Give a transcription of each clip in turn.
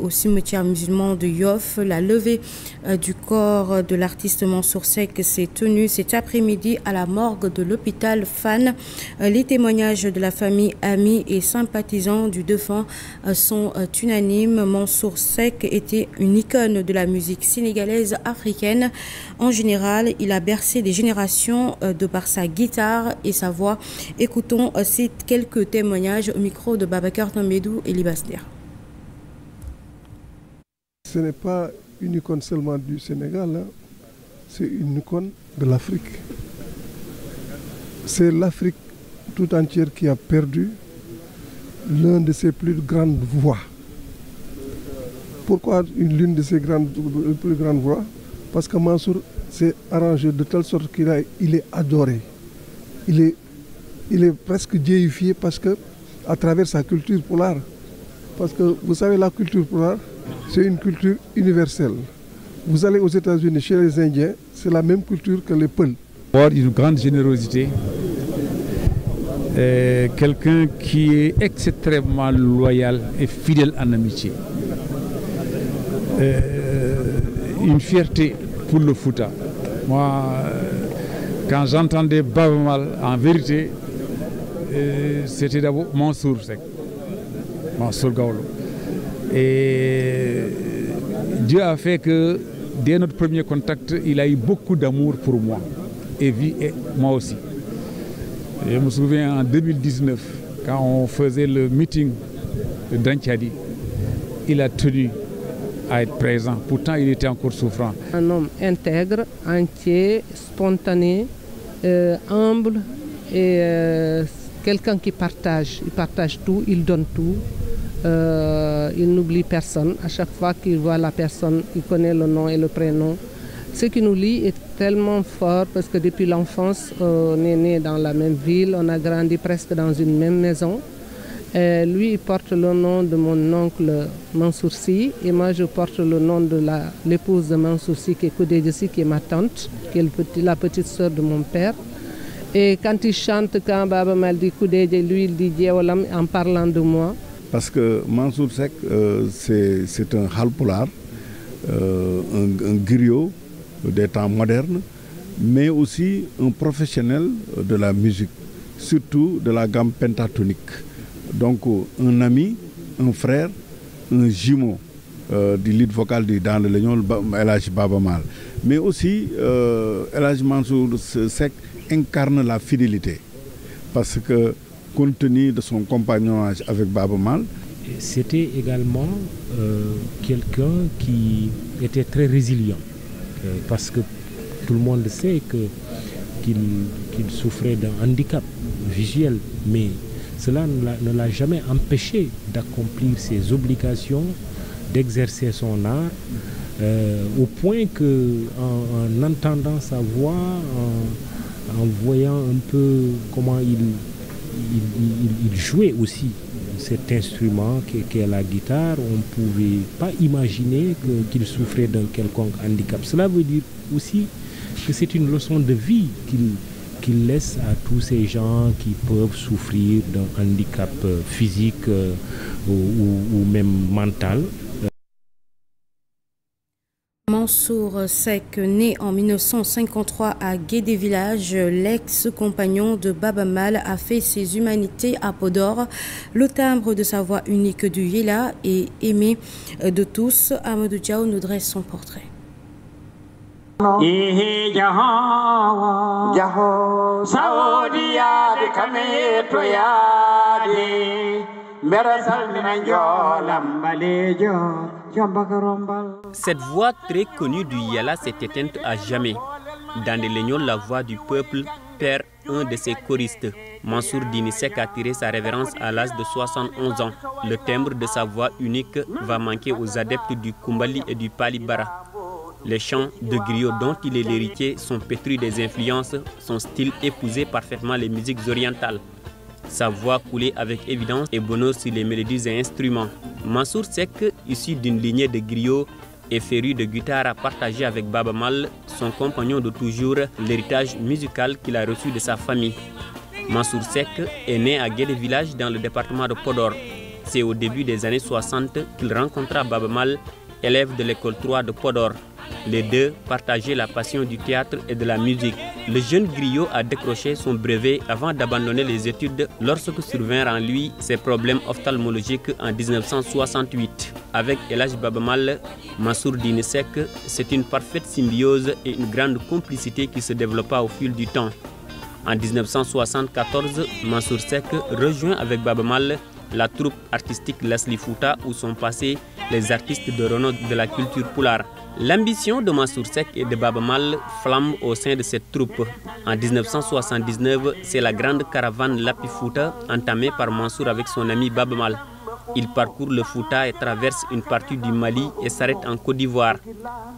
au cimetière musulman de Yoff. La levée euh, du corps de l'artiste Mansour Sek s'est tenue cet après-midi à la morgue de l'hôpital Fan. Euh, les témoignages de la famille, amis et sympathisants du défunt euh, sont unanimes. Mansour sec était une icône de la musique sénégalaise africaine. En général, il a bercé des générations de par sa guitare et sa voix. Écoutons ces quelques témoignages au micro de Babakar Tambedou et Libasner ce n'est pas une icône seulement du Sénégal, hein. c'est une icône de l'Afrique. C'est l'Afrique tout entière qui a perdu l'un de ses plus grandes voix. Pourquoi l'une de ses grandes, euh, plus grandes voix Parce que Mansour s'est arrangé de telle sorte qu'il il est adoré. Il est, il est presque déifié parce que, à travers sa culture polar. Parce que vous savez, la culture polar, c'est une culture universelle. Vous allez aux États-Unis chez les Indiens, c'est la même culture que les Peuls. Avoir une grande générosité, euh, quelqu'un qui est extrêmement loyal et fidèle en amitié. Euh, une fierté pour le Fouta. Moi, euh, quand j'entendais Babamal, en vérité, c'était d'abord mon source. Mansour Gaolo. Et euh, Dieu a fait que dès notre premier contact, il a eu beaucoup d'amour pour moi et, vie, et moi aussi. Je me souviens en 2019, quand on faisait le meeting de il a tenu à être présent. Pourtant, il était encore souffrant. Un homme intègre, entier, spontané, euh, humble et euh, quelqu'un qui partage. Il partage tout, il donne tout. Euh, il n'oublie personne. À chaque fois qu'il voit la personne, il connaît le nom et le prénom. Ce qui nous lie est tellement fort parce que depuis l'enfance, on est né dans la même ville, on a grandi presque dans une même maison. lui, il porte le nom de mon oncle Mansourci et moi, je porte le nom de l'épouse de Mansourci qui est qui est ma tante, qui est la petite sœur de mon père. Et quand il chante, quand Baba dit lui, il dit en parlant de moi parce que Mansour Sek, euh, c'est un halpolar, euh, un, un, griot des temps modernes, mais aussi un professionnel de la musique, surtout de la gamme pentatonique. Donc un ami, un frère, un jumeau euh, du lead vocal du Dans le Léon, Elage Babamal. Mais aussi, euh, Elage Mansour Sek incarne la fidélité, parce que contenu de son compagnon avec mal. C'était également euh, quelqu'un qui était très résilient, euh, parce que tout le monde sait que, qu'il, souffrait d'un handicap visuel, mais cela ne l'a jamais empêché d'accomplir ses obligations, d'exercer son art, euh, au point que en, entendant sa voix, en voyant un peu comment il il, jouait aussi cet instrument qu'est la guitare. On ne pouvait pas imaginer qu'il souffrait d'un quelconque handicap. Cela veut dire aussi que c'est une leçon de vie qu'il laisse à tous ces gens qui peuvent souffrir d'un handicap euh, physique euh, ou même mental. Sour Sec, né en 1953 à Guédé Village, l'ex-compagnon de Baba Mal a fait ses humanités à Podor. Le timbre de sa voix unique du Yéla est aimé de tous. Amadou Diaw nous dresse son portrait. Cette voix très connue du Yala s'est éteinte à jamais. Dans les légnons, la voix du peuple perd un de ses choristes. Mansour Dinisek a tiré sa révérence à l'âge de 71 ans. Le timbre de sa voix unique va manquer aux adeptes du Kumbali et du Palibara. Les chants de griots dont il est l'héritier sont pétris des influences, son style épousait parfaitement les musiques orientales. Sa voix coulait avec évidence et bonheur sur les mélodies et instruments. Mansour Sek, issu d'une lignée de griots et féru de guitare, a partagé avec Baba Mal, son compagnon de toujours, l'héritage musical qu'il a reçu de sa famille. Mansour Sek est né à Guédé Village dans le département de Podor. C'est au début des années 60 qu'il rencontra Baba élève de l'école 3 de Podor. Les deux partageaient la passion du théâtre et de la musique. Le jeune griot a décroché son brevet avant d'abandonner les études lorsque survinrent en lui ses problèmes ophtalmologiques en 1968. Avec Elash Babamal, Mansour Dinesek, c'est une parfaite symbiose et une grande complicité qui se développa au fil du temps. En 1974, Mansour Sek rejoint avec Babamal la troupe artistique Leslie Fouta où sont passés les artistes de renom de la culture poulard. L'ambition de Mansour Sek et de Babemal flamme au sein de cette troupe. En 1979, c'est la grande caravane Lapifuta entamée par Mansour avec son ami Babemal. Mal. Il parcourt le Fouta et traverse une partie du Mali et s'arrête en Côte d'Ivoire.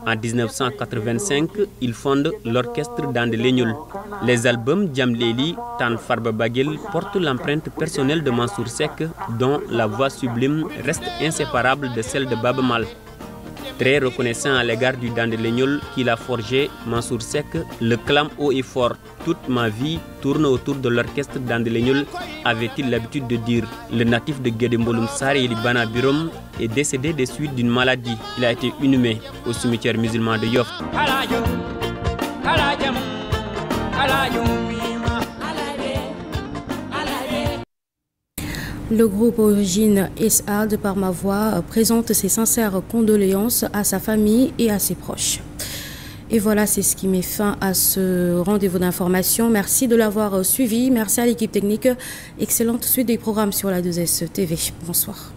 En 1985, il fonde l'orchestre Lénul. Les albums Djamleli, Tan Farba Bagil portent l'empreinte personnelle de Mansour Sek, dont la voix sublime reste inséparable de celle de Babemal. Très reconnaissant à l'égard du Dandelignol qu'il a forgé, Mansour Sek le clame haut et fort. Toute ma vie tourne autour de l'orchestre Dandelignol, avait-il l'habitude de dire. Le natif de Gedemboloum Sari Libana Birom est décédé des suites d'une maladie. Il a été inhumé au cimetière musulman de Yoff. Le groupe Origine SA de par ma voix présente ses sincères condoléances à sa famille et à ses proches. Et voilà, c'est ce qui met fin à ce rendez-vous d'information. Merci de l'avoir suivi. Merci à l'équipe technique. Excellente suite des programmes sur la 2S TV. Bonsoir.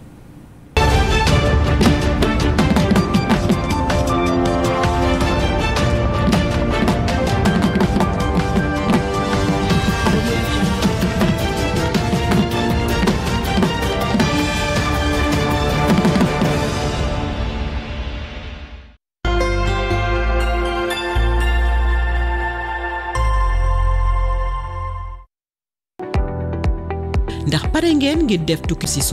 pare ngeen ngir def tukki si